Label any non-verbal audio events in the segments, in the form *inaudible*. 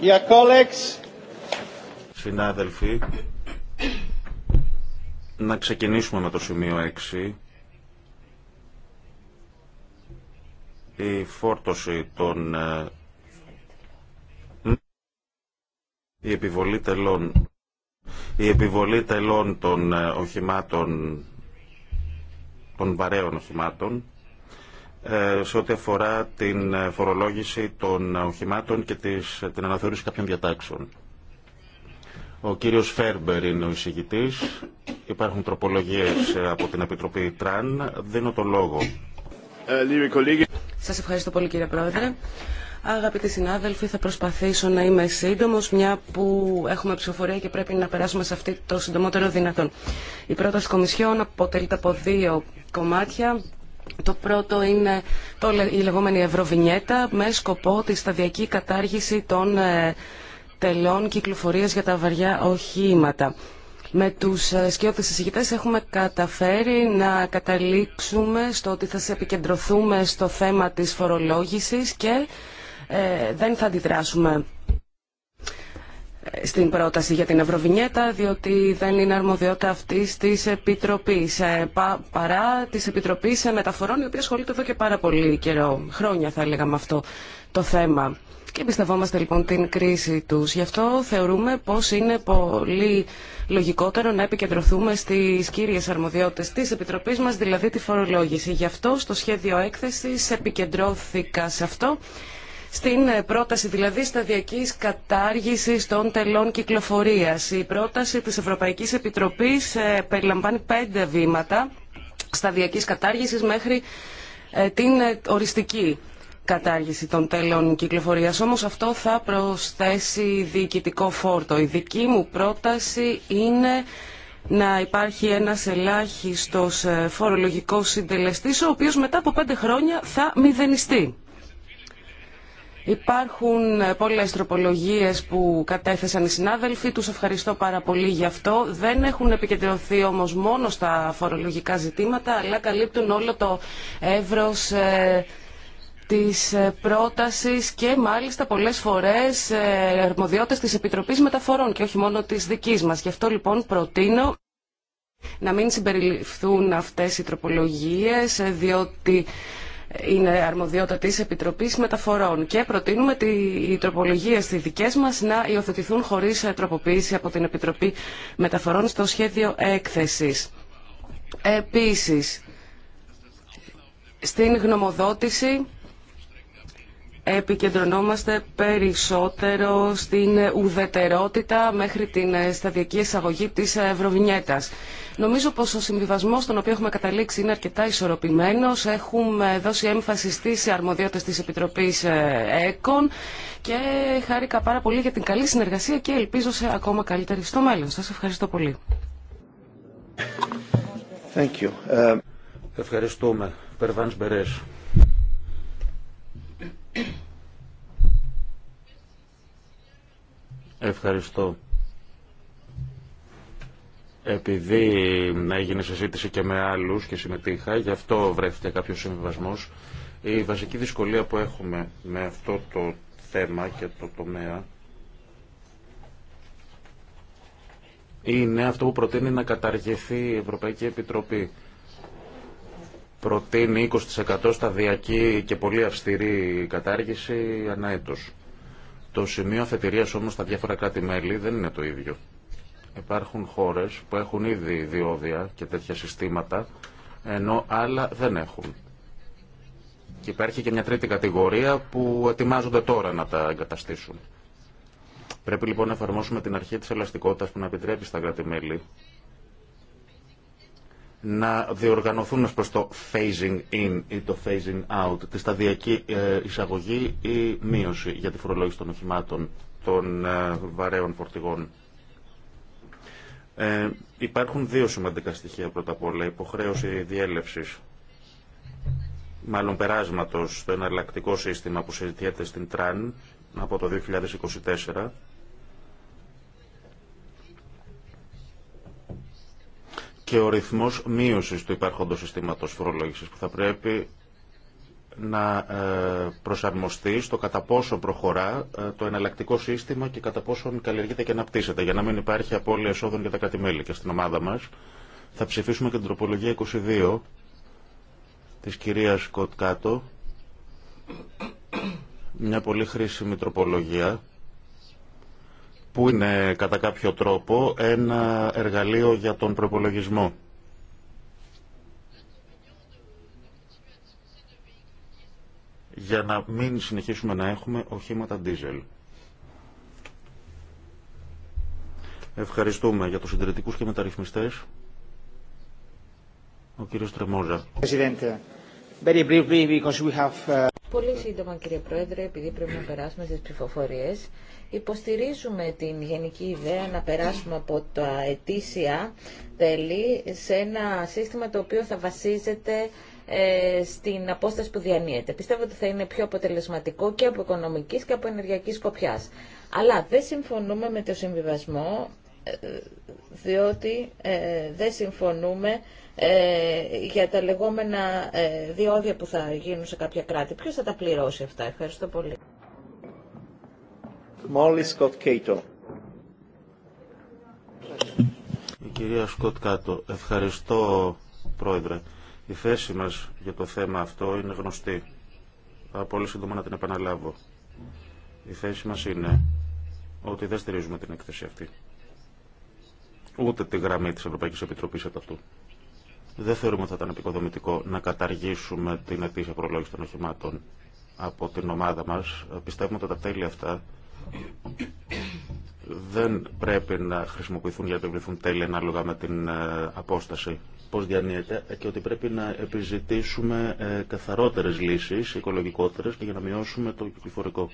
Για uh, κόλεξ Συνάδελφοι, να ξεκινήσουμε με το σημείο 6. Η φόρτωση των... Ε, η επιβολή τελών... Η επιβολή τελών των ε, οχημάτων των βαρέων οχημάτων ε, σε ό,τι αφορά την ε, φορολόγηση των ε, οχημάτων και την αναθεώρηση κάποιων διατάξεων. Ο κύριος Φέρμπερ είναι ο εισηγητής. Υπάρχουν τροπολογίες από την Επιτροπή Τραν. Δίνω το λόγο. Σας ευχαριστώ πολύ κύριε Πρόεδρε. Αγαπητοί συνάδελφοι, θα προσπαθήσω να είμαι σύντομο, μια που έχουμε ψηφοφορία και πρέπει να περάσουμε σε αυτή το συντομότερο δυνατόν. Η πρόταση Κομισιόν αποτελείται από δύο κομμάτια. Το πρώτο είναι το, η λεγόμενη Ευρωβινιέτα με σκοπό τη σταδιακή κατάργηση των ε, τελών κυκλοφορίας για τα βαριά οχήματα. Με τους ε, σκιώτες συζητητέ, έχουμε καταφέρει να καταλήξουμε στο ότι θα σε επικεντρωθούμε στο θέμα της φορολόγησης και ε, δεν θα αντιδράσουμε στην πρόταση για την Ευρωβινιέτα, διότι δεν είναι αρμοδιότητα αυτή τη Επιτροπή. Ε, παρά τη Επιτροπή Μεταφορών, η οποία ασχολείται εδώ και πάρα πολύ καιρό, χρόνια θα έλεγα με αυτό το θέμα. Και εμπιστευόμαστε λοιπόν την κρίση του. Γι' αυτό θεωρούμε πω είναι πολύ λογικότερο να επικεντρωθούμε στι κύριε αρμοδιότητε τη Επιτροπή μα, δηλαδή τη φορολόγηση. Γι' αυτό στο σχέδιο έκθεση επικεντρώθηκα σε αυτό στην ε, πρόταση δηλαδή σταδιακή κατάργηση των τελών κυκλοφορίας. Η πρόταση της Ευρωπαϊκής Επιτροπής ε, περιλαμβάνει πέντε βήματα σταδιακή κατάργησης μέχρι ε, την οριστική κατάργηση των τέλων κυκλοφορίας. Όμως αυτό θα προσθέσει διοικητικό φόρτο. Η δική μου πρόταση είναι να υπάρχει ένας ελάχιστος φορολογικός συντελεστής ο οποίος μετά από πέντε χρόνια θα μηδενιστεί. Υπάρχουν ε, πολλές τροπολογίες που κατέθεσαν οι συνάδελφοι, τους ευχαριστώ πάρα πολύ γι' αυτό. Δεν έχουν επικεντρωθεί όμως μόνο στα φορολογικά ζητήματα, αλλά καλύπτουν όλο το εύρος ε, της ε, πρότασης και μάλιστα πολλές φορές αρμοδιότητες της Επιτροπής Μεταφορών και όχι μόνο της δικής μας. Γι' αυτό λοιπόν προτείνω να μην συμπεριληφθούν αυτές οι τροπολογίες, διότι είναι αρμοδιότητα της Επιτροπής Μεταφορών και προτείνουμε τη οι τροπολογίες στις δικές μας να υιοθετηθούν χωρίς ε, τροποποίηση από την Επιτροπή Μεταφορών στο σχέδιο έκθεσης. Επίσης, στην γνωμοδότηση επικεντρωνόμαστε περισσότερο στην ουδετερότητα μέχρι την ε, σταδιακή εισαγωγή της ε, Ευρωβινιέτας. Νομίζω πως ο συμβιβασμός στον οποίο έχουμε καταλήξει είναι αρκετά ισορροπημένο. Έχουμε δώσει έμφαση στις αρμοδιότητες τη επιτροπή ε, ΕΚΟΝ και χάρηκα πάρα πολύ για την καλή συνεργασία και ελπίζω σε ακόμα καλύτερη στο μέλλον. Σας ευχαριστώ πολύ. Thank you. Ε, Ευχαριστούμε. Περβάνς Μπερές. *coughs* Ευχαριστώ. Επειδή έγινε συζήτηση και με άλλους και συμμετείχα, γι' αυτό βρέθηκε κάποιος συμβιβασμός. Η βασική δυσκολία που έχουμε με αυτό το θέμα και το τομέα είναι αυτό που προτείνει να καταργηθεί η Ευρωπαϊκή Επιτροπή. Προτείνει 20% σταδιακή και πολύ αυστηρή κατάργηση ανά έτος. Το σημείο αφετηρίας όμως στα διάφορα κράτη-μέλη δεν είναι το ίδιο. Υπάρχουν χώρες που έχουν ήδη διόδια και τέτοια συστήματα, ενώ άλλα δεν έχουν. Και υπάρχει και μια τρίτη κατηγορία που ετοιμάζονται τώρα να τα εγκαταστήσουν. Πρέπει λοιπόν να εφαρμόσουμε την αρχή της ελαστικότητας που να επιτρέπει στα κρατη να διοργανωθούν προς το phasing in ή το phasing out, τη σταδιακή ε, εισαγωγή ή μείωση για τη φορολόγηση των οχημάτων των ε, βαρέων φορτηγών. Ε, υπάρχουν δύο σημαντικά στοιχεία πρώτα απ' όλα. Υποχρέωση διέλευση, μάλλον περάσματο στο εναλλακτικό σύστημα που συζητιέται στην ΤΡΑΝ από το 2024 και ο ρυθμός μείωσης του υπάρχοντος συστήματος φορολόγησης που θα πρέπει να ε, προσαρμοστεί στο κατά πόσο προχωρά ε, το εναλλακτικό σύστημα και κατά πόσο καλλιεργείται και αναπτύσσεται, για να μην υπάρχει απώλεια εσόδων για τα κρατη Και στην ομάδα μας θα ψηφίσουμε και την τροπολογία 22 της κυρία Κοτκάτο, μια πολύ χρήσιμη τροπολογία, που είναι κατά κάποιο τρόπο ένα εργαλείο για τον προπολογισμό. για να μην συνεχίσουμε να έχουμε οχήματα ντίζελ. Ευχαριστούμε για τους συντηρητικούς και μεταρρυθμιστές. Ο κύριος Τρεμόζα. Uh, Πολύ σύντομα κύριε Πρόεδρε, επειδή πρέπει να περάσουμε στις ψηφοφορίε, υποστηρίζουμε την γενική ιδέα να περάσουμε από τα ετήσια τέλη σε ένα σύστημα το οποίο θα βασίζεται ε, στην απόσταση που διανύεται. Πιστεύω ότι θα είναι πιο αποτελεσματικό και από οικονομική και από ενεργειακή σκοπιά. Αλλά δεν συμφωνούμε με το συμβιβασμό ε, διότι ε, δεν συμφωνούμε για τα λεγόμενα ε, διόδια που θα γίνουν σε κάποια κράτη. Ποιο θα τα πληρώσει αυτά. Ευχαριστώ πολύ. Μόλις Σκοτ Κέιτο. Η κυρία Σκοτ Κάτο. Ευχαριστώ πρόεδρε. Η θέση μας για το θέμα αυτό είναι γνωστή. Θα πολύ σύντομα να την επαναλάβω. Η θέση μας είναι ότι δεν στηρίζουμε την έκθεση αυτή. Ούτε τη γραμμή της Ευρωπαϊκής Επιτροπής από αυτού. Δεν θεωρούμε ότι θα ήταν επικοδομητικό να καταργήσουμε την ετήσια προλόγηση των οχημάτων από την ομάδα μας. Πιστεύουμε ότι τα τέλη αυτά δεν πρέπει να χρησιμοποιηθούν για να επιβληθούν τέλη ανάλογα με την ε, απόσταση. Πώς διανύεται και ότι πρέπει να επιζητήσουμε ε, καθαρότερες λύσεις, οικολογικότερες και για να μειώσουμε το κυκλοφορικό.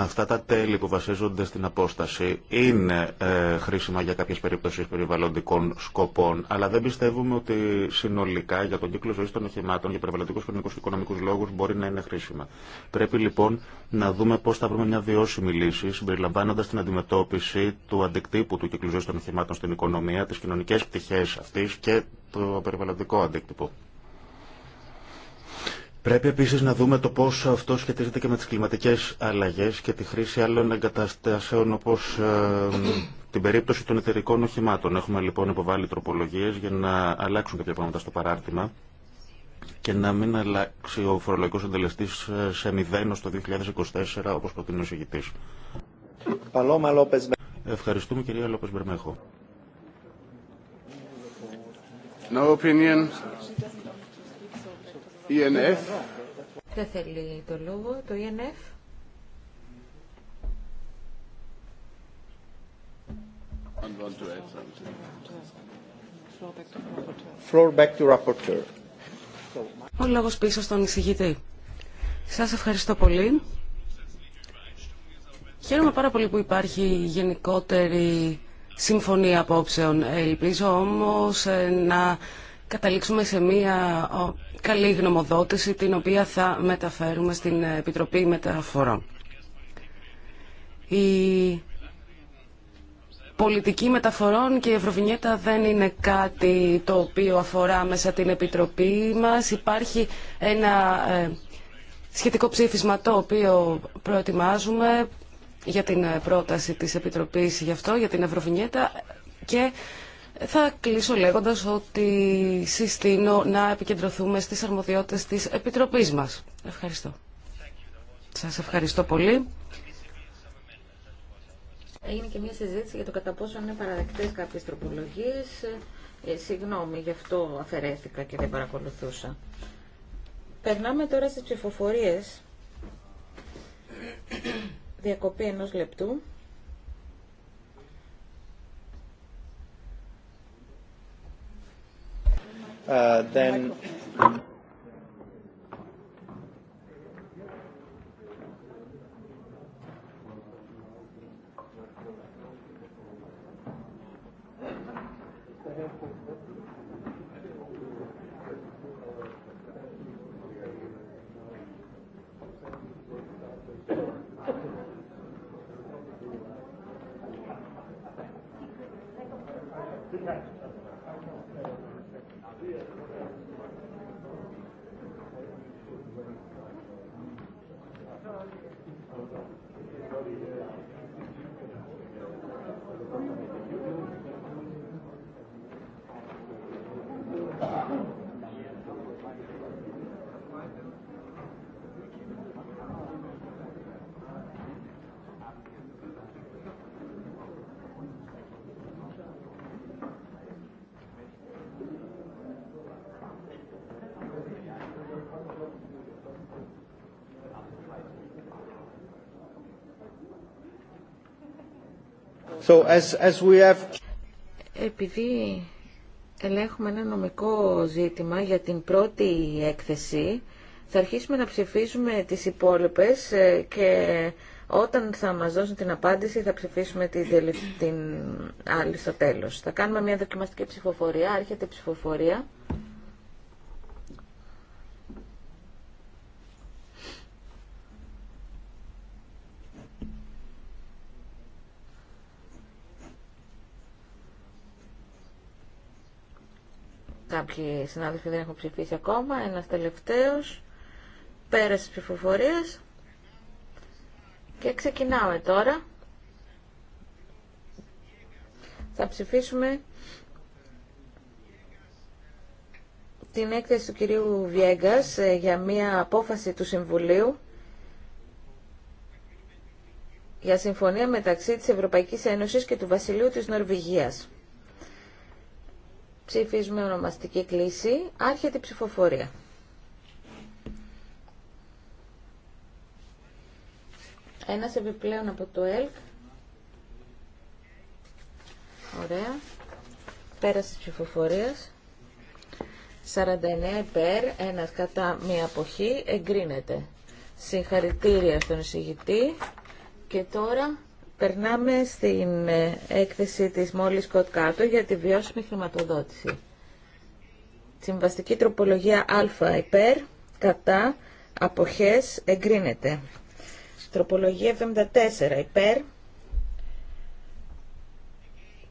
Αυτά τα τέλη που βασίζονται στην απόσταση είναι ε, χρήσιμα για κάποιες περίπτωσεις περιβαλλοντικών σκοπών, αλλά δεν πιστεύουμε ότι συνολικά για τον κύκλο ζωής των οχημάτων, για περιβαλλοντικούς, κοινωνικούς και οικονομικούς λόγους μπορεί να είναι χρήσιμα. Πρέπει λοιπόν να δούμε πώς θα βρούμε μια βιώσιμη λύση, συμπεριλαμβάνοντα την αντιμετώπιση του αντικτύπου του κύκλου ζωής των οχημάτων στην οικονομία, τις κοινωνικές πτυχές αυτής και το περιβαλλοντικό αντίκτυπο. Πρέπει επίση να δούμε το πώ αυτό σχετίζεται και με τι κλιματικέ αλλαγέ και τη χρήση άλλων εγκαταστάσεων όπω την περίπτωση των εταιρικών οχημάτων. Έχουμε λοιπόν υποβάλει τροπολογίε για να αλλάξουν κάποια πράγματα στο παράρτημα και να μην αλλάξει ο φορολογικό εντελεστή ε, σε μηδέν το 2024 όπω προτείνει ο συγητή. Ευχαριστούμε κυρία Λόπε Μπερμέχο. No opinion. E Δεν θέλει το λόγο το e INF. Floor back to rapporteur. Ο λόγος πίσω στον εισηγητή. Σας ευχαριστώ πολύ. Χαίρομαι πάρα πολύ που υπάρχει γενικότερη συμφωνία απόψεων. Ελπίζω όμως ε, να καταλήξουμε σε μια καλή γνωμοδότηση την οποία θα μεταφέρουμε στην Επιτροπή Μεταφορών. Η πολιτική μεταφορών και η Ευρωβινιέτα δεν είναι κάτι το οποίο αφορά μέσα την Επιτροπή μας. Υπάρχει ένα ε, σχετικό ψήφισμα το οποίο προετοιμάζουμε για την ε, πρόταση της Επιτροπής γι' αυτό, για την Ευρωβινιέτα και θα κλείσω λέγοντας ότι συστήνω να επικεντρωθούμε στις αρμοδιότητες της Επιτροπής μας. Ευχαριστώ. Σας ευχαριστώ πολύ. Έγινε και μια συζήτηση για το κατά πόσο είναι παραδεκτές κάποιες τροπολογίες. Ε, συγγνώμη, γι' αυτό αφαιρέθηκα και δεν παρακολουθούσα. Περνάμε τώρα στις ψηφοφορίες. Διακοπή ενός λεπτού. then Επειδή ελέγχουμε ένα νομικό ζήτημα για την πρώτη έκθεση, θα αρχίσουμε να ψηφίσουμε τις υπόλοιπες ε, και όταν θα μας δώσουν την απάντηση θα ψηφίσουμε την, την άλλη στο τέλος. Θα κάνουμε μια δοκιμαστική ψηφοφορία, άρχεται η ψηφοφορία. Κάποιοι συνάδελφοι δεν έχουν ψηφίσει ακόμα. Ένας τελευταίος. Πέρασε τις ψηφοφορίες. Και ξεκινάμε τώρα. Θα ψηφίσουμε την έκθεση του κυρίου Βιέγκας ε, για μία απόφαση του Συμβουλίου για συμφωνία μεταξύ της Ευρωπαϊκής Ένωσης και του Βασιλείου της Νορβηγίας. Ψηφίζουμε ονομαστική κλίση. Άρχεται η ψηφοφορία. Ένας επιπλέον από το ΕΛΚ. Ωραία. Πέρασε της ψηφοφορίας. 49 υπέρ, ένας κατά μία αποχή, εγκρίνεται. Συγχαρητήρια στον εισηγητή. Και τώρα Περνάμε στην ε, έκθεση της Μόλις Κοτκάτο Κάτω για τη βιώσιμη χρηματοδότηση. Συμβαστική τροπολογία α υπέρ, κατά, αποχές, εγκρίνεται. Τροπολογία 74 υπέρ,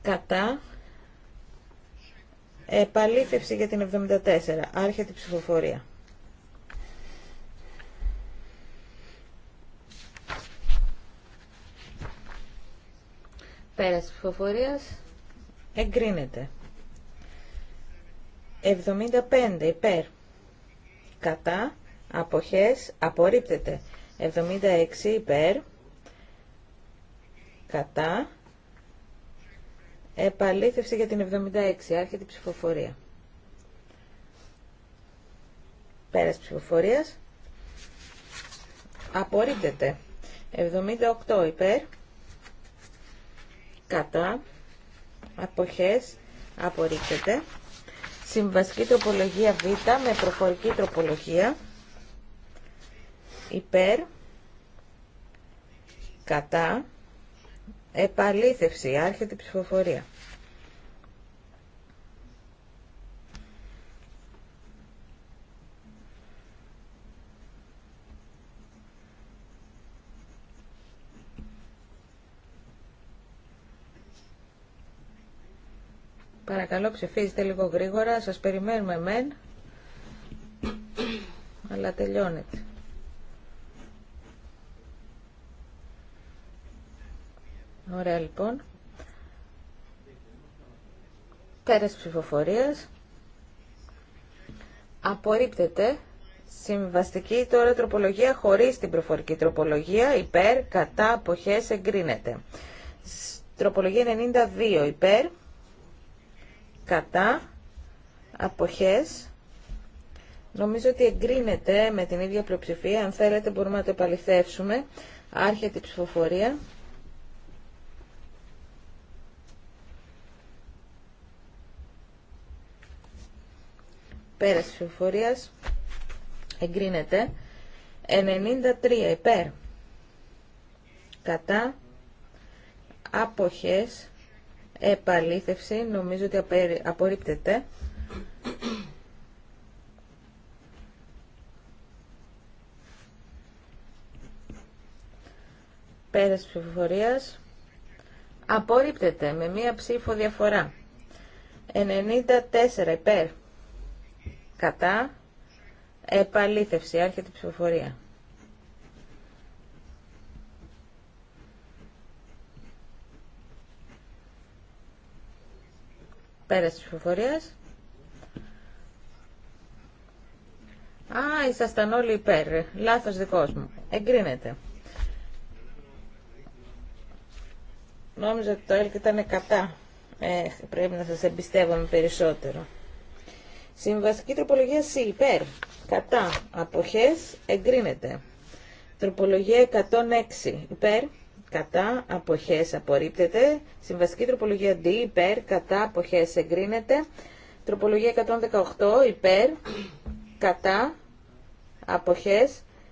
κατά, επαλήθευση για την 74, άρχεται η ψηφοφορία. Πέρας ψηφοφορίας. Εγκρίνεται. 75 υπέρ. Κατά. Αποχές. Απορρίπτεται. 76 υπέρ. Κατά. Επαλήθευση για την 76. Άρχεται η ψηφοφορία. Πέρας ψηφοφορίας. Απορρίπτεται. 78 υπέρ κατά, αποχές, απορρίπτεται. συμβασική τροπολογία Β με προφορική τροπολογία, υπέρ, κατά, επαλήθευση, άρχεται η ψηφοφορία. Παρακαλώ ψηφίζετε λίγο γρήγορα, σας περιμένουμε μεν, αλλά τελειώνεται. Ωραία λοιπόν. Πέρας ψηφοφορίας. Απορρίπτεται συμβαστική τώρα τροπολογία χωρίς την προφορική τροπολογία. Υπέρ, κατά, αποχές, εγκρίνεται. Τροπολογία 92 υπέρ, κατά, αποχές. Νομίζω ότι εγκρίνεται με την ίδια πλειοψηφία. Αν θέλετε μπορούμε να το επαληθεύσουμε. Άρχεται η ψηφοφορία. Πέρας ψηφοφορίας. Εγκρίνεται. 93 υπέρ. Κατά. Αποχές επαλήθευση, νομίζω ότι απορρίπτεται. Πέρας ψηφοφορίας απορρίπτεται με μία ψήφο διαφορά. 94 υπέρ. Κατά. Επαλήθευση. Άρχεται η ψηφοφορία. Πέρας της ψηφοφορίας. Α, ήσασταν όλοι υπέρ. Λάθος δικός μου. Εγκρίνεται. Νόμιζα ότι το ΕΛΚ ήταν κατά. Ε, πρέπει να σας εμπιστεύομαι περισσότερο. Συμβαστική τροπολογία C, υπέρ. Κατά. Αποχές, εγκρίνεται. Τροπολογία 106, υπέρ κατά, αποχές απορρίπτεται. Συμβαστική τροπολογία D, υπέρ, κατά, αποχές εγκρίνεται. Τροπολογία 118, υπέρ, κατά, αποχές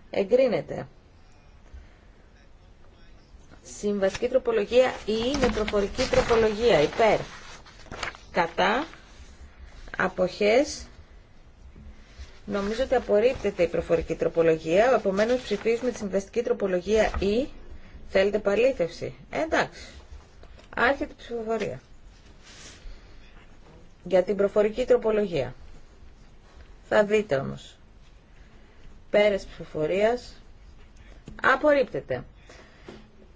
εγκρίνεται. Συμβαστική τροπολογία E με προφορική τροπολογία, υπέρ, κατά, αποχές Νομίζω ότι απορρίπτεται η προφορική τροπολογία, επομένως ψηφίζουμε τη συμβαστική τροπολογία E Θέλετε παλήθευση. Ε, εντάξει. Άρχεται η ψηφοφορία. Για την προφορική τροπολογία. Θα δείτε όμως. πέρες ψηφοφορίας. Απορρίπτεται.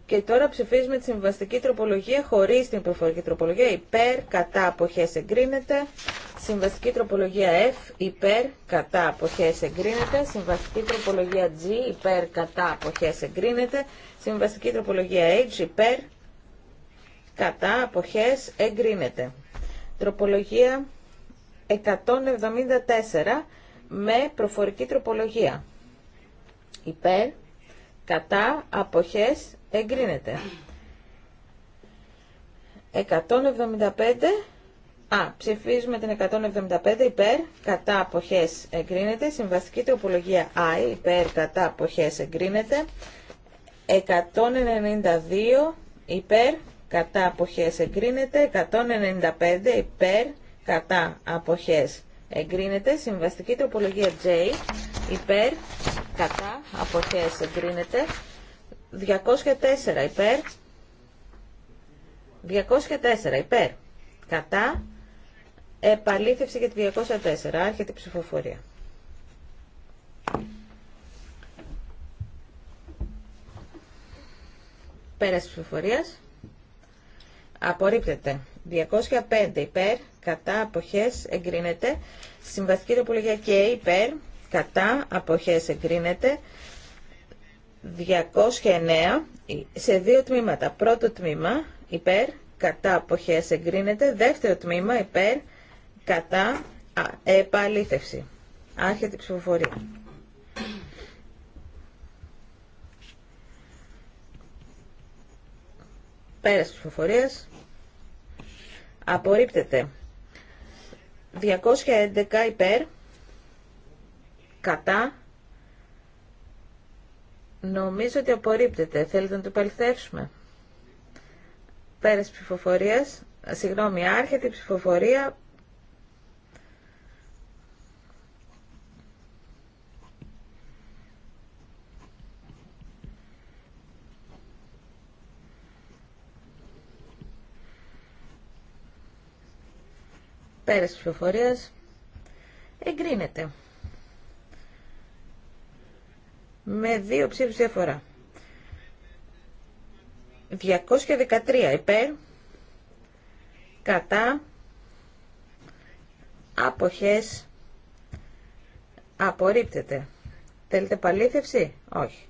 Και τώρα ψηφίζουμε τη συμβαστική τροπολογία χωρί την προφορική τροπολογία. Υπέρ, κατά, απόχέ εγκρίνεται. Συμβαστική τροπολογία F, υπέρ, κατά, αποχές εγκρίνεται. Συμβαστική τροπολογία G, υπέρ, κατά, αποχές εγκρίνεται. Συμβαστική τροπολογία H, υπέρ, κατά, αποχέ, εγκρίνεται. Τροπολογία 174 με προφορική τροπολογία. Υπέρ, κατά, αποχές εγκρίνεται. 175, α, ψηφίζουμε την 175 υπέρ, κατά αποχές εγκρίνεται. Συμβαστική τροπολογία I, υπέρ, κατά αποχές εγκρίνεται. 192 υπέρ, κατά αποχές εγκρίνεται. 195 υπέρ, κατά αποχές εγκρίνεται. Συμβαστική τοπολογία J, υπέρ, κατά αποχές εγκρίνεται. 204 υπέρ. 204 υπέρ. Κατά. Επαλήθευση για τη 204. Άρχεται η ψηφοφορία. Πέρας ψηφοφορίας. Απορρίπτεται. 205 υπέρ. Κατά. Αποχές. Εγκρίνεται. Συμβαστική τροπολογία και υπέρ. Κατά. Αποχές. Εγκρίνεται. 209 σε δύο τμήματα. Πρώτο τμήμα υπέρ, κατά αποχές εγκρίνεται. Δεύτερο τμήμα υπέρ, κατά α, επαλήθευση. Άρχεται η ψηφοφορία. Πέρας ψηφοφορίας. Απορρίπτεται. 211 υπέρ, κατά Νομίζω ότι απορρίπτεται. Θέλετε να το παληθεύσουμε. Πέρας ψηφοφορίας, συγγνώμη, άρχεται η ψηφοφορία. Πέρας ψηφοφορίας, εγκρίνεται με δύο ψήφους διαφορά. 213 υπέρ, κατά, αποχές, απορρίπτεται. Θέλετε παλήθευση? Όχι.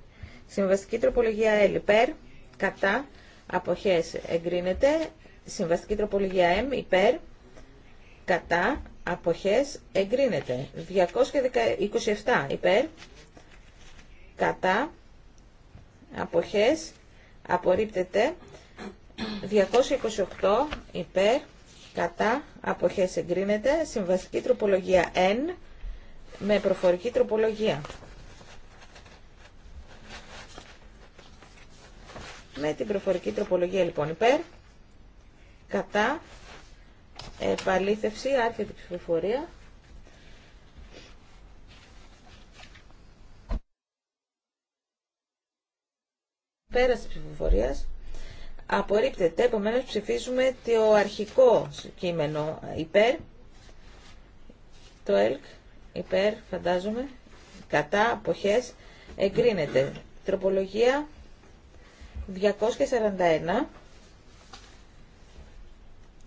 Συμβαστική τροπολογία L υπέρ, κατά, αποχές εγκρίνεται. Συμβαστική τροπολογία M υπέρ, κατά, αποχές εγκρίνεται. 227 υπέρ, κατά, αποχές, απορρίπτεται, 228 υπέρ, κατά, αποχές εγκρίνεται, συμβαστική τροπολογία N με προφορική τροπολογία. Με την προφορική τροπολογία λοιπόν υπέρ, κατά, επαλήθευση, άρχεται ψηφοφορία. πέρα τη ψηφοφορία. Απορρίπτεται. Επομένω ψηφίζουμε το αρχικό κείμενο υπέρ. Το ΕΛΚ υπέρ φαντάζομαι. Κατά αποχέ εγκρίνεται. Τροπολογία 241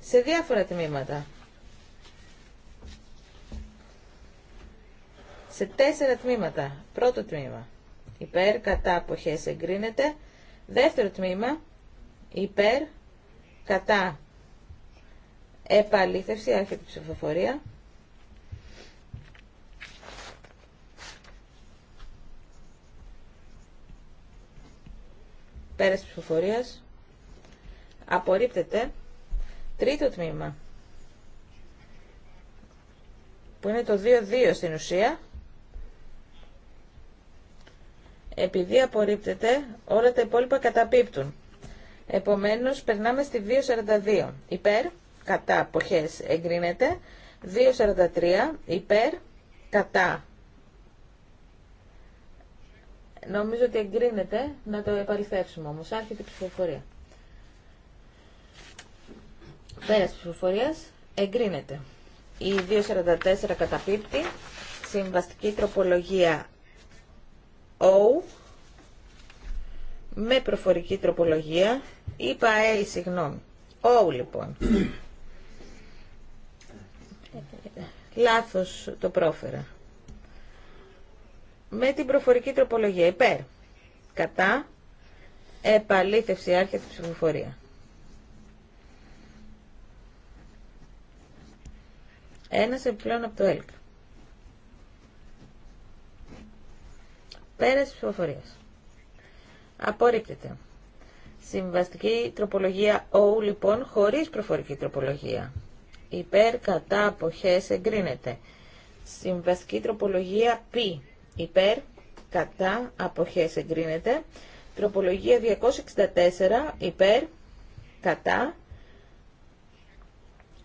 σε διάφορα τμήματα. σε τέσσερα τμήματα. Πρώτο τμήμα. Υπέρ, κατά, αποχές εγκρίνεται. Δεύτερο τμήμα, υπέρ, κατά, επαλήθευση, άρχεται ψηφοφορία. Πέρας ψηφοφορίας. Απορρίπτεται. Τρίτο τμήμα, που είναι το 2-2 στην ουσία, επειδή απορρίπτεται, όλα τα υπόλοιπα καταπίπτουν. Επομένως, περνάμε στη 2.42. Υπέρ, κατά, ποχές, εγκρίνεται. 2.43. Υπέρ, κατά. Νομίζω ότι εγκρίνεται να το επαληθεύσουμε όμως. Άρχεται η ψηφοφορία. Πέρας ψηφοφορίας εγκρίνεται. Η 244 καταπίπτει. Συμβαστική τροπολογία O με προφορική τροπολογία. Είπα A, συγγνώμη. O λοιπόν. Λάθος το πρόφερα. Με την προφορική τροπολογία υπέρ. Κατά. Επαλήθευση της ψηφοφορία. Ένας επιπλέον από το ΕΛΚ. τη ψηφοφορία. Απορρίπτεται. Συμβαστική τροπολογία O, λοιπόν, χωρίς προφορική τροπολογία. Υπέρ, κατά, αποχές, εγκρίνεται. Συμβαστική τροπολογία Π, υπέρ, κατά, αποχές, εγκρίνεται. Τροπολογία 264, υπέρ, κατά,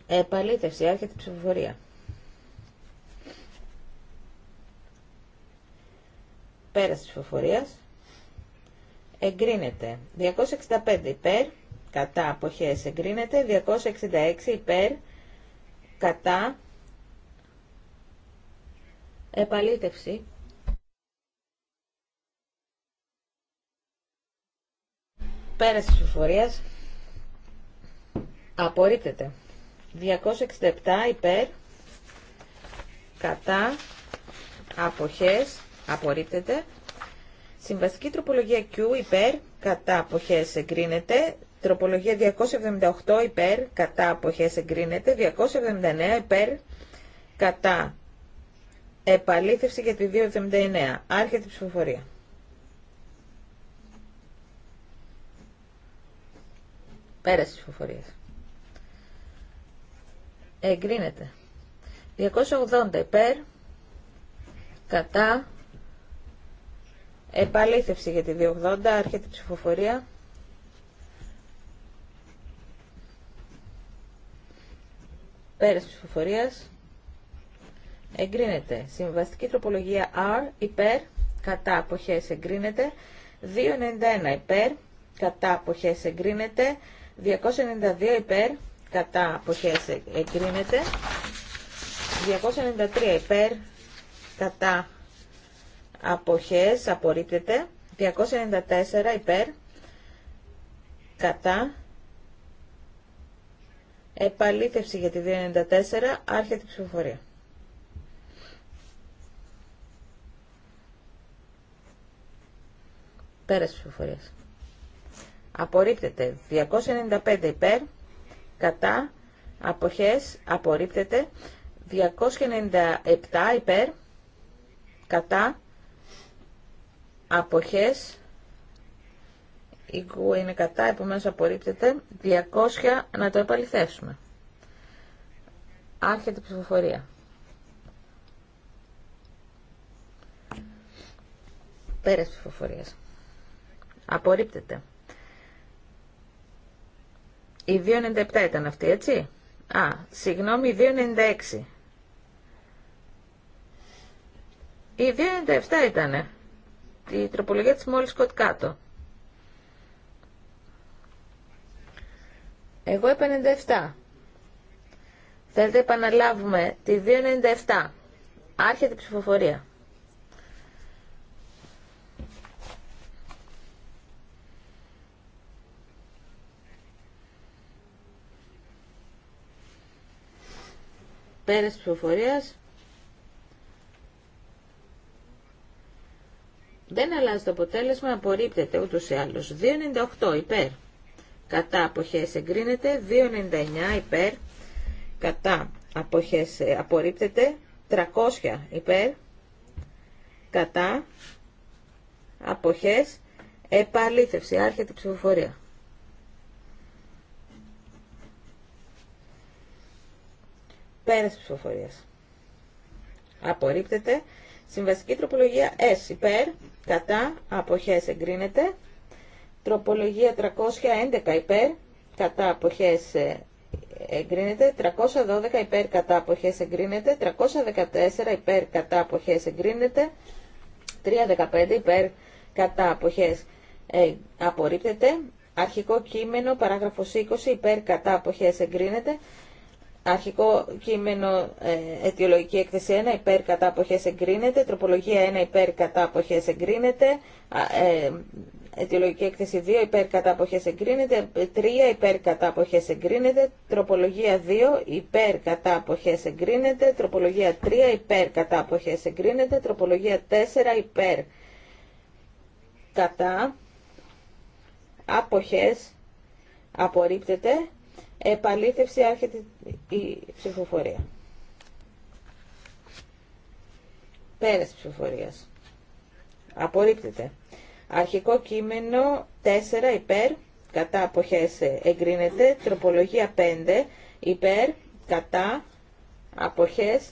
επαλήθευση, άρχεται ψηφοφορία. Πέρας της Εγκρίνεται. 265 υπέρ. Κατά αποχές εγκρίνεται. 266 υπέρ. Κατά. Επαλήτευση. Πέρας της ψηφοφορίας. Απορρίπτεται. 267 υπέρ. Κατά. Αποχές απορρίπτεται. Συμβαστική τροπολογία Q υπέρ, κατά αποχές εγκρίνεται. Τροπολογία 278 υπέρ, κατά αποχές εγκρίνεται. 279 υπέρ, κατά επαλήθευση για τη 279. Άρχεται η ψηφοφορία. Πέρασε η ψηφοφορία. Εγκρίνεται. 280 υπέρ, κατά Επαλήθευση για τη 280, έρχεται η ψηφοφορία. Πέρας ψηφοφορίας. Εγκρίνεται. Συμβαστική τροπολογία R, υπέρ, κατά αποχές εγκρίνεται. 291 υπέρ, κατά αποχές εγκρίνεται. 292 υπέρ, κατά αποχές εγκρίνεται. 293 υπέρ, κατά αποχές απορρίπτεται 294 υπέρ κατά επαλήθευση για τη 294 άρχεται η ψηφοφορία πέρας ψηφοφορίας απορρίπτεται 295 υπέρ κατά αποχές απορρίπτεται 297 υπέρ κατά αποχές η Γκου είναι κατά, επομένως απορρίπτεται 200 να το επαληθεύσουμε άρχεται η ψηφοφορία πέρας ψηφοφορίας απορρίπτεται η 2.97 ήταν αυτή, έτσι. Α, συγγνώμη, η 2.96. Η 2.97 ήτανε τη τροπολογία της μόλις κάτω. Εγώ 57. Θέλετε επαναλάβουμε τη 297. Άρχεται η ψηφοφορία. Πέρας ψηφοφορίας. Δεν αλλάζει το αποτέλεσμα, απορρίπτεται ούτως ή άλλως. 2,98 υπέρ. Κατά αποχές εγκρίνεται. 2,99 υπέρ. Κατά αποχές ε, απορρίπτεται. 300 υπέρ. Κατά αποχέ επαλήθευση. Άρχεται η αλλω 298 υπερ κατα αποχες εγκρινεται Πέρας ψηφοφορίας. η ψηφοφορια περας ψηφοφορία. απορριπτεται Συμβαστική τροπολογία S υπέρ, κατά, αποχές εγκρίνεται. Τροπολογία 311 ε, υπέρ, κατά, αποχές εγκρίνεται. 312 υπέρ, κατά, αποχές εγκρίνεται. 314 υπέρ, κατά, αποχές εγκρίνεται. 315 υπέρ, κατά, αποχές ε, απορρίπτεται. Αρχικό κείμενο, παράγραφος 20, υπέρ κατά αποχές εγκρίνεται. Αρχικό κείμενο ε, αιτιολογική έκθεση 1 υπέρ κατά αποχές εγκρίνεται. Τροπολογία 1 υπέρ κατά αποχές εγκρίνεται. Ε, αιτιολογική έκθεση 2 υπέρ κατά αποχές εγκρίνεται. 3 υπέρ κατά αποχές εγκρίνεται. Τροπολογία 2 υπέρ κατά αποχές εγκρίνεται. Τροπολογία 3 υπέρ κατά αποχές εγκρίνεται. Τροπολογία 4 υπέρ κατά αποχές απορρίπτεται. Επαλήθευση άρχεται η ψηφοφορία. Πέρες ψηφοφορίας. Απορρίπτεται. Αρχικό κείμενο 4 υπέρ, κατά αποχές εγκρίνεται. Τροπολογία 5 υπέρ, κατά αποχές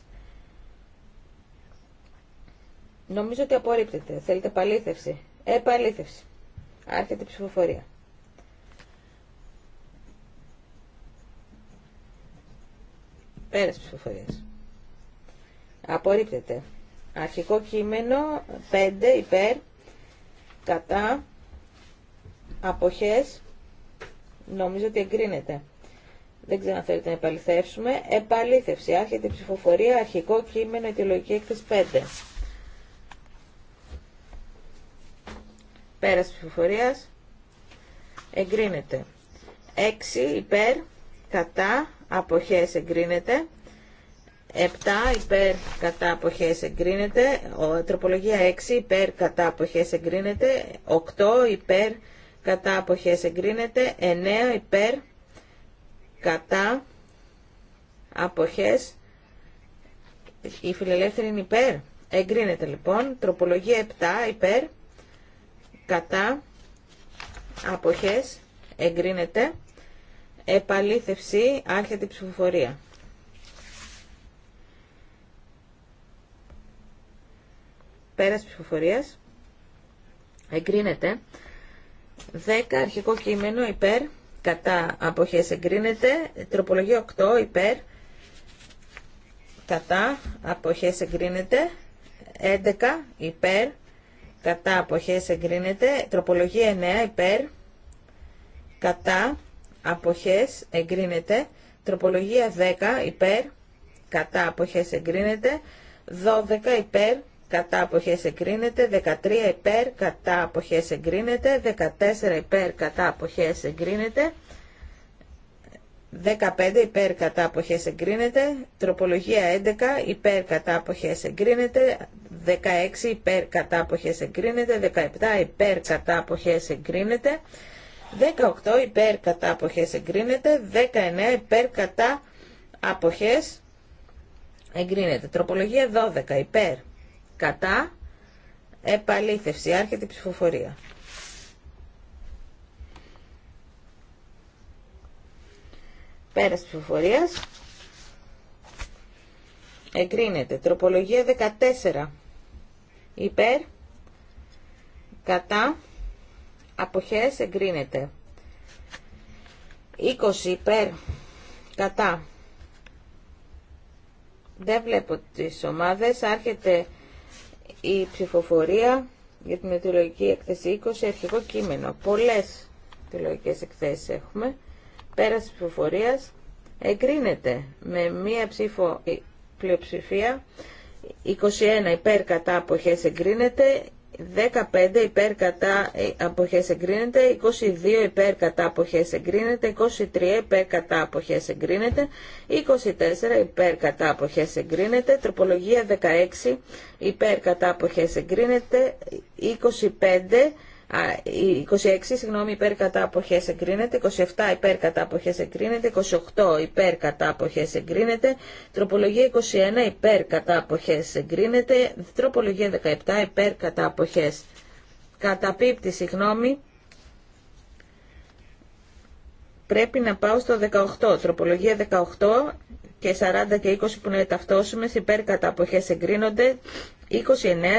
Νομίζω ότι απορρίπτεται. Θέλετε επαλήθευση. Επαλήθευση. Άρχεται η ψηφοφορία. Πέρας ψηφοφορίας. Απορρίπτεται. Αρχικό κείμενο 5 υπέρ κατά αποχές νομίζω ότι εγκρίνεται. Δεν ξέρω αν θέλετε να επαληθεύσουμε. Επαλήθευση. Άρχεται η ψηφοφορία. Αρχικό κείμενο αιτιολογική έκθεση 5. Πέρας ψηφοφορίας. Εγκρίνεται. 6 υπέρ κατά αποχές εγκρίνεται. 7 υπέρ κατά αποχές εγκρίνεται, ο, τροπολογία 6 υπέρ κατά αποχές εγκρίνεται, 8 υπέρ κατά αποχές εγκρίνεται, 9 υπέρ κατά αποχές, η φιλελεύθερη είναι υπέρ, εγκρίνεται λοιπόν, τροπολογία 7 υπέρ κατά αποχές εγκρίνεται, Επαλήθευση, άρχεται η ψηφοφορία. Πέρας ψηφοφορίας. Εγκρίνεται. 10 αρχικό κείμενο υπέρ, κατά αποχές εγκρίνεται. Τροπολογία 8 υπέρ, κατά αποχές εγκρίνεται. 11 υπέρ, κατά αποχές εγκρίνεται. Τροπολογία 9 υπέρ, κατά αποχές εγκρίνεται. Τροπολογία 10 υπέρ, κατά αποχές εγκρίνεται. 12 υπέρ, κατά αποχές εγκρίνεται. 13 υπέρ, κατά αποχές εγκρίνεται. 14 υπέρ, κατά αποχές εγκρίνεται. 15 υπέρ κατά αποχές εγκρίνεται, τροπολογία 11 υπέρ κατά αποχές εγκρίνεται, 16 υπέρ κατά αποχές εγκρίνεται, 17 υπέρ κατά αποχές εγκρίνεται, 18 υπέρ κατά αποχές εγκρίνεται, 19 υπέρ κατά αποχές εγκρίνεται. Τροπολογία 12 υπέρ κατά επαλήθευση, άρχεται η ψηφοφορία. Πέρας ψηφοφορίας εγκρίνεται. Τροπολογία 14 υπέρ κατά αποχές εγκρίνεται. 20 υπέρ κατά. Δεν βλέπω τις ομάδες. Άρχεται η ψηφοφορία για την μετεωρολογική έκθεση 20, αρχικό κείμενο. Πολλές μετεωρολογικές εκθέσεις έχουμε. Πέρας της ψηφοφορίας εγκρίνεται με μία ψήφο ε, πλειοψηφία. 21 υπέρ κατά αποχές εγκρίνεται, 15 ε, υπέρ κατά αποχές εγκρίνεται, 22 υπέρ κατά αποχές εγκρίνεται, 23 υπέρ κατά αποχές εγκρίνεται, 24 υπέρ κατά αποχές εγκρίνεται, τροπολογία 16 υπέρ κατά αποχές εγκρίνεται, 25 26 συγγνώμη, υπέρ κατά αποχές εγκρίνεται, 27 υπέρ κατά αποχές εγκρίνεται, 28 υπέρ κατά αποχές εγκρίνεται, τροπολογία 21 υπέρ κατά αποχές εγκρίνεται, τροπολογία 17 υπέρ κατά αποχές καταπίπτει συγγνώμη, πρέπει να πάω στο 18, τροπολογία 18 και 40 και 20 που είναι ταυτόσιμες υπέρ κατά αποχές εγκρίνονται, 29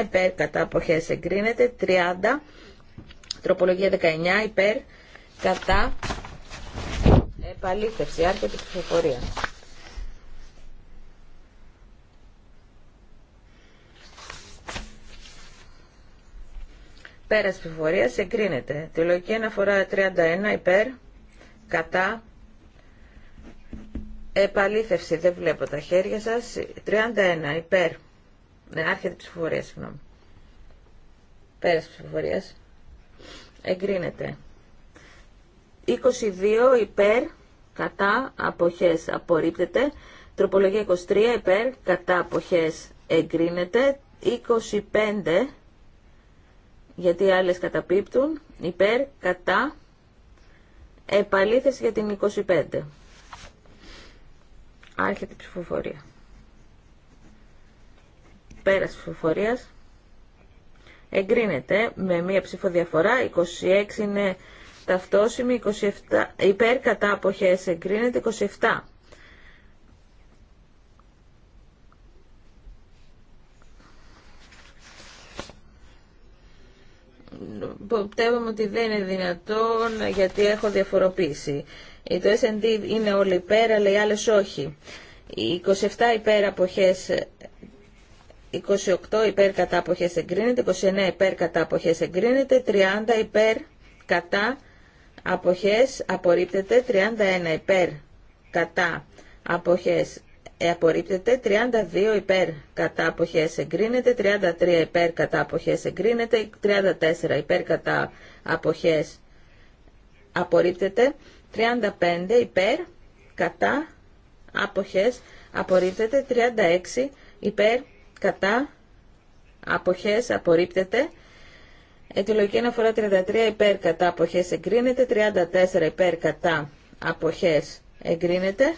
υπέρ κατά αποχές εγκρίνεται, 30 Τροπολογία 19 υπέρ κατά επαλήθευση. Άρχεται η ψηφοφορία. Πέρας ψηφοφορία εγκρίνεται. Τη λογική αναφορά 31 υπέρ κατά επαλήθευση. Δεν βλέπω τα χέρια σας. 31 υπέρ. Ναι, άρχεται η ψηφοφορία, συγγνώμη. Πέρας ψηφοφορίας εγκρίνεται. 22 υπέρ, κατά, αποχές, απορρίπτεται. Τροπολογία 23 υπέρ, κατά, αποχές, εγκρίνεται. 25 γιατί άλλες καταπίπτουν, υπέρ, κατά, επαλήθευση για την 25. Άρχεται η ψηφοφορία. Πέρας ψηφοφορίας εγκρίνεται με μία ψηφοδιαφορά, 26 είναι ταυτόσημη, 27, υπέρ κατά αποχές εγκρίνεται, 27. Ποπτεύομαι ότι δεν είναι δυνατόν γιατί έχω διαφοροποίηση. Το S&D είναι όλοι υπέρ αλλά οι άλλες όχι. Οι 27 υπέρ αποχές 28 υπέρ κατά αποχές εγκρίνεται, 29 υπέρ κατά αποχές εγκρίνεται, 30 υπέρ κατά αποχές απορρίπτεται, 31 υπέρ κατά αποχές απορρίπτεται, 32 υπέρ κατά αποχές εγκρίνεται, 33 υπέρ κατά αποχές εγκρίνεται, 34 υπέρ κατά αποχές απορρίπτεται, 35 υπέρ κατά αποχές απορρίπτεται, 36 υπέρ κατά, αποχές, απορρίπτεται. Αιτιολογική αναφορά 33 υπέρ κατά αποχές εγκρίνεται, 34 υπέρ κατά αποχές εγκρίνεται.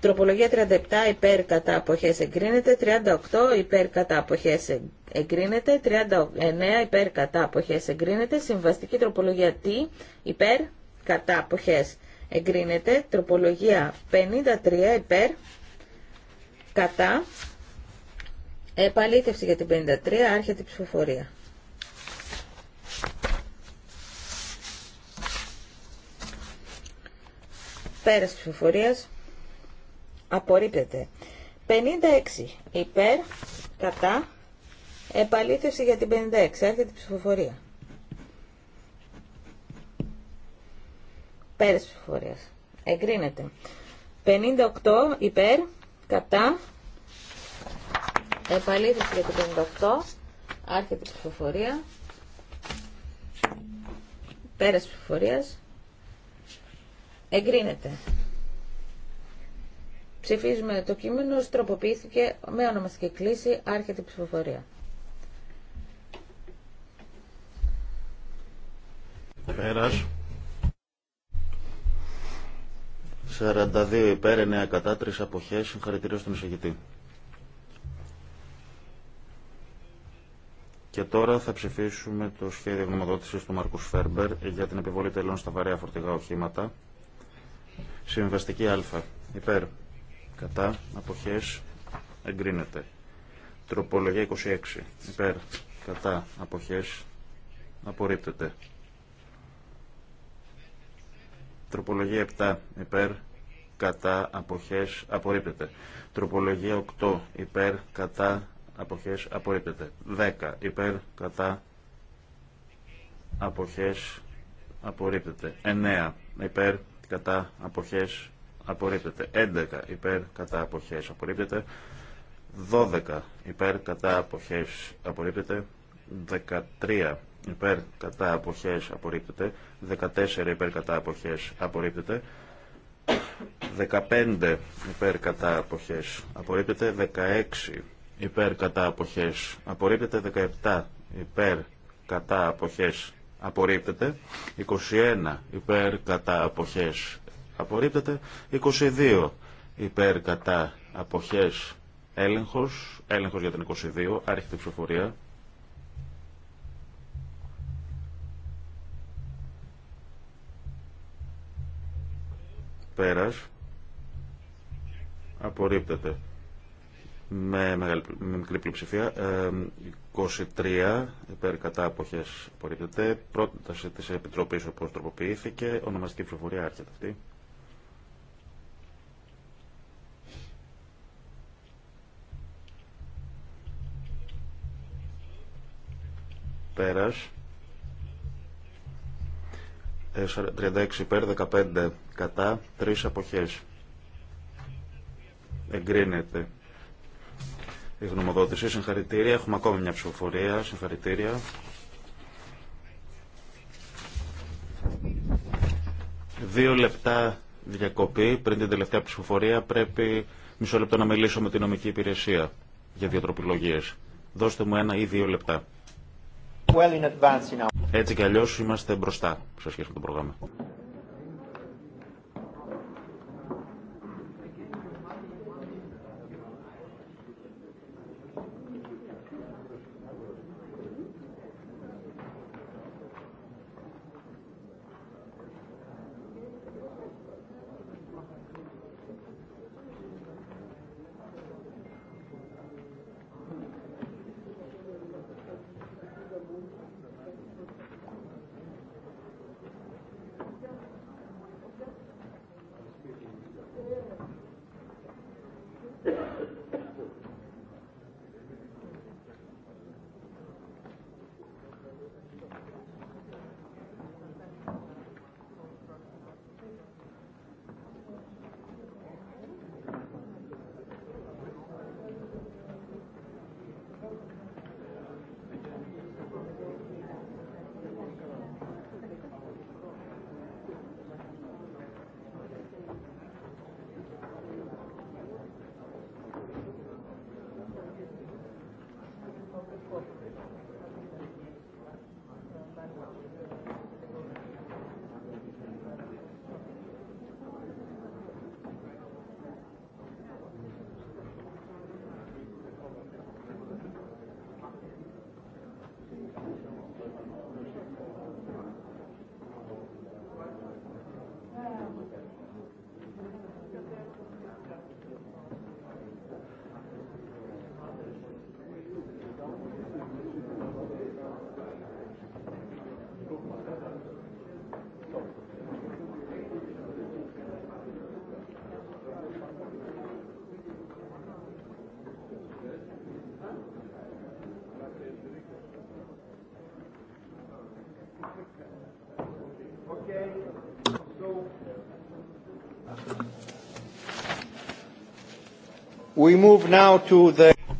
Τροπολογία 37 υπέρ κατά αποχές εγκρίνεται, 38 υπέρ κατά αποχές εγκρίνεται, 39 υπέρ κατά αποχές εγκρίνεται, συμβαστική τροπολογία T υπέρ κατά αποχές εγκρίνεται, τροπολογία 53 υπέρ κατά Επαλήθευση για την 53, άρχεται η ψηφοφορία. Πέρας ψηφοφορίας απορρίπτεται. 56 υπέρ, κατά, επαλήθευση για την 56, άρχεται η ψηφοφορία. Πέρας ψηφοφορίας εγκρίνεται. 58 υπέρ, κατά, Επαλήθευση για το 58. Άρχεται η ψηφοφορία. Πέρας ψηφοφορίας. Εγκρίνεται. Ψηφίζουμε το κείμενο, στροποποιήθηκε, με ονομαστική κλίση, άρχεται η ψηφοφορία. Πέρας. 42 υπέρ, 9 κατά, 3 αποχές, συγχαρητήριο στον εισαγητή. Και τώρα θα ψηφίσουμε το σχέδιο γνωμοδότηση του Μαρκού Φέρμπερ για την επιβολή τελών στα βαρέα φορτηγά οχήματα. Συμβαστική Α. Υπέρ. Κατά. Αποχές. Εγκρίνεται. Τροπολογία 26. Υπέρ. Κατά. Αποχές. Απορρίπτεται. Τροπολογία 7. Υπέρ. Κατά. Αποχές. Απορρίπτεται. Τροπολογία 8. Υπέρ. Κατά αποχές απορρίπτεται. 10 υπέρ κατά αποχές απορρίπτεται. 9 υπέρ κατά αποχές απορρίπτεται. 11 υπέρ κατά αποχές απορρίπτεται. 12 υπέρ κατά αποχές απορρίπτεται. 13 υπέρ κατά αποχές απορρίπτεται. 14 υπέρ κατά αποχές απορρίπτεται. 15 υπέρ κατά αποχές απορρίπτεται. 16 υπέρ κατά αποχές απορρίπτεται 17 υπέρ κατά αποχές απορρίπτεται 21 υπέρ κατά αποχές απορρίπτεται 22 υπέρ κατά αποχές έλεγχος έλεγχος για την 22 άρχεται ψηφοφορία πέρας απορρίπτεται με, μεγάλη, με μικρή πλειοψηφία. 23 υπέρ κατά αποχέ απορρίπτεται. Πρόταση τη Επιτροπή όπω τροποποιήθηκε. Ονομαστική ψηφοφορία έρχεται αυτή. Πέρας. 36 ε, υπέρ, 15 κατά, 3 αποχές. Εγκρίνεται η γνωμοδότηση. Συγχαρητήρια. Έχουμε ακόμη μια ψηφοφορία. Συγχαρητήρια. Δύο λεπτά διακοπή πριν την τελευταία ψηφοφορία. Πρέπει μισό λεπτό να μιλήσω με την νομική υπηρεσία για διατροπολογίες. Δώστε μου ένα ή δύο λεπτά. in Έτσι κι αλλιώς είμαστε μπροστά σε σχέση με το πρόγραμμα.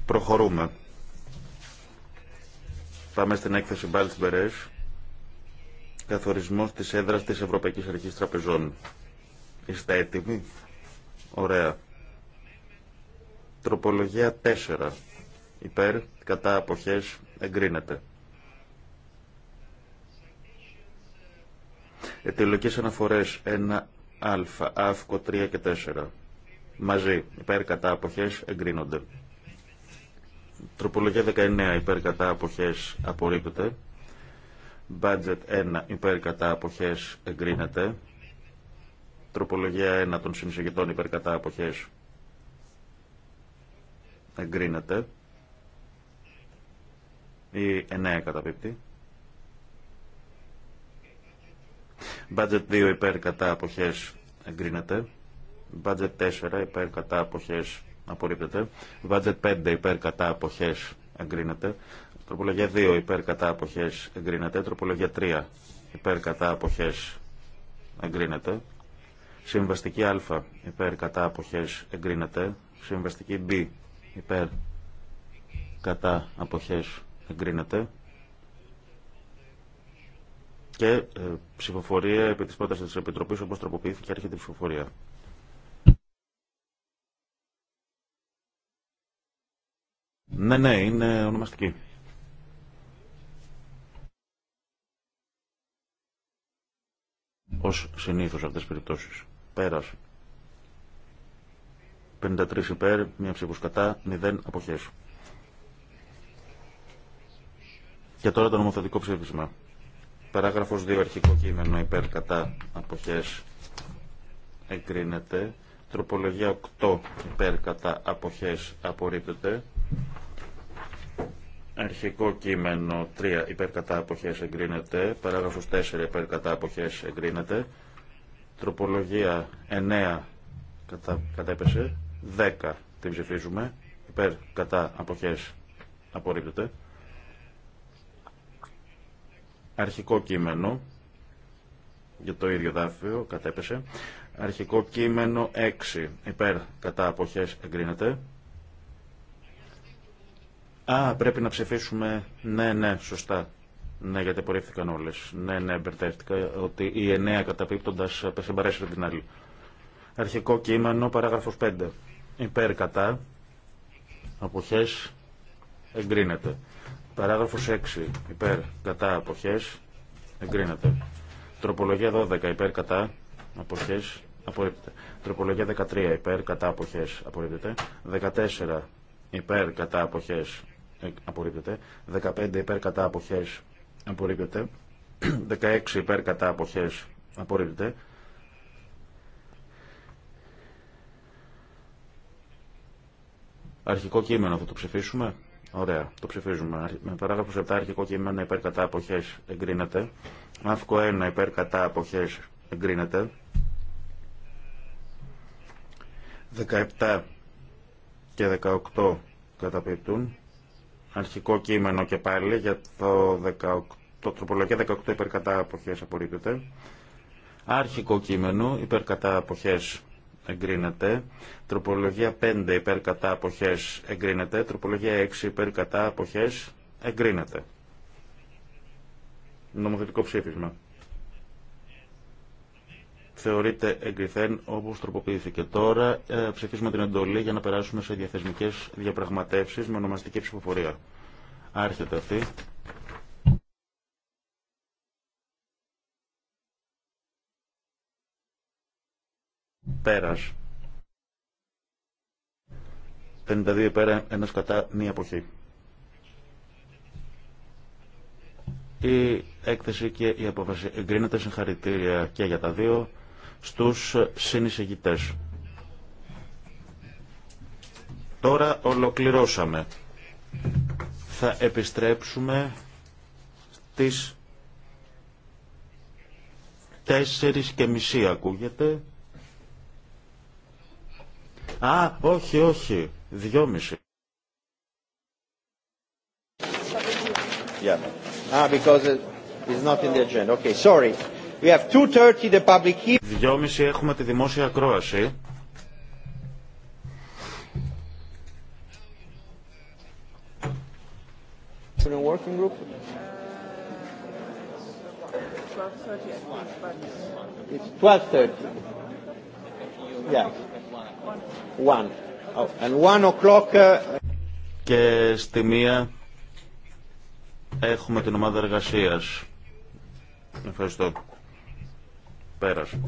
Προχωρούμε. Πάμε στην έκθεση Μπάλτς Μπερές. Καθορισμός της έδρας της Ευρωπαϊκής Αρχής Τραπεζών. Είστε έτοιμοι. Ωραία. Τροπολογία 4. Υπέρ, κατά αποχές, εγκρίνεται. Ετελογικές αναφορές 1α, αύκο 3 και 4 μαζί υπέρ κατά εγκρίνονται. Τροπολογία 19 υπέρ κατά αποχές απορρίπτεται. Budget 1 υπέρ κατά αποχές εγκρίνεται. Τροπολογία 1 των συνεισηγητών υπέρ κατά αποχές εγκρίνεται. Η 9 καταπίπτει. Budget 2 υπέρ κατά αποχές εγκρίνεται. Budget 4 υπέρ κατά αποχές απορρίπτεται. Budget 5 υπέρ κατά αποχές εγκρίνεται. Τροπολογία 2 υπέρ κατά αποχές εγκρίνεται. Τροπολογία 3 υπέρ κατά αποχές εγκρίνεται. Συμβαστική α υπέρ κατά αποχές εγκρίνεται. Συμβαστική β υπέρ κατά αποχές εγκρίνεται. Και ε, ψηφοφορία επί της πρότασης της Επιτροπής όπως τροποποιήθηκε έρχεται η ψηφοφορία. Ναι, ναι, είναι ονομαστική. Ως συνήθως αυτές τις περιπτώσεις. Πέρας. 53 υπέρ, μία ψήφος κατά, 0 αποχές. Και τώρα το νομοθετικό ψήφισμα. Παράγραφος 2 αρχικό κείμενο υπέρ κατά αποχές εγκρίνεται. Τροπολογία 8 υπέρ κατά αποχές απορρίπτεται. Αρχικό κείμενο 3 υπέρ κατά αποχές εγκρίνεται. Παράγραφος 4 υπέρ κατά αποχές εγκρίνεται. Τροπολογία 9 κατά, κατέπεσε. 10 την ψηφίζουμε. Υπέρ κατά αποχές απορρίπτεται. Αρχικό κείμενο για το ίδιο δάφιο κατέπεσε. Αρχικό κείμενο 6 υπέρ κατά αποχές εγκρίνεται. Α, πρέπει να ψηφίσουμε. Ναι, ναι, σωστά. Ναι, γιατί απορρίφθηκαν όλε. Ναι, ναι, μπερδεύτηκα. Ότι η εννέα καταπίπτοντα συμπαρέσυρε την άλλη. Αρχικό κείμενο, παράγραφο 5. Υπέρ κατά. Αποχέ. Εγκρίνεται. Παράγραφο 6. Υπέρ κατά. Αποχέ. Εγκρίνεται. Τροπολογία 12. Υπέρ κατά. Αποχέ. Απορρίπτεται. Τροπολογία 13. Υπέρ κατά. Αποχέ. Απορρίπτεται. 14. Υπέρ κατά. Αποχέ απορρίπτεται. 15 υπέρ κατά αποχές απορρίπτεται. 16 *clears throat* υπέρ κατά αποχές απορρίπτεται. Αρχικό κείμενο θα το ψηφίσουμε. Ωραία, το ψηφίζουμε. Με παράγραφο 7 αρχικό κείμενο υπέρ κατά αποχές εγκρίνεται. Αύκο 1 υπέρ κατά αποχές εγκρίνεται. 17 και 18 καταπίπτουν. Αρχικό κείμενο και πάλι για το, 18, το τροπολογία 18 υπερκατά αποχές απορρίπτεται. Άρχικο κείμενο υπερκατά αποχές εγκρίνεται. Τροπολογία 5 υπερκατά αποχές εγκρίνεται. Τροπολογία 6 υπερκατά αποχές εγκρίνεται. Νομοθετικό ψήφισμα θεωρείται εγκριθέν όπω τροποποιήθηκε τώρα. Ε, την εντολή για να περάσουμε σε διαθεσμικές διαπραγματεύσεις με ονομαστική ψηφοφορία. Άρχεται αυτή. Πέρας. 52 πέρα ένας κατά, μία αποχή. Η έκθεση και η απόφαση εγκρίνεται συγχαρητήρια και για τα δύο στους συνεισηγητές. Τώρα ολοκληρώσαμε. Θα επιστρέψουμε στις τέσσερις και μισή ακούγεται. Α, όχι, όχι, δυόμιση. Yeah. Ah, because it is not in the agenda. Okay, sorry. We Δυόμιση έχουμε τη δημόσια ακρόαση. Oh, uh, Και στη μία έχουμε την ομάδα εργασίας. Ευχαριστώ πέρασε.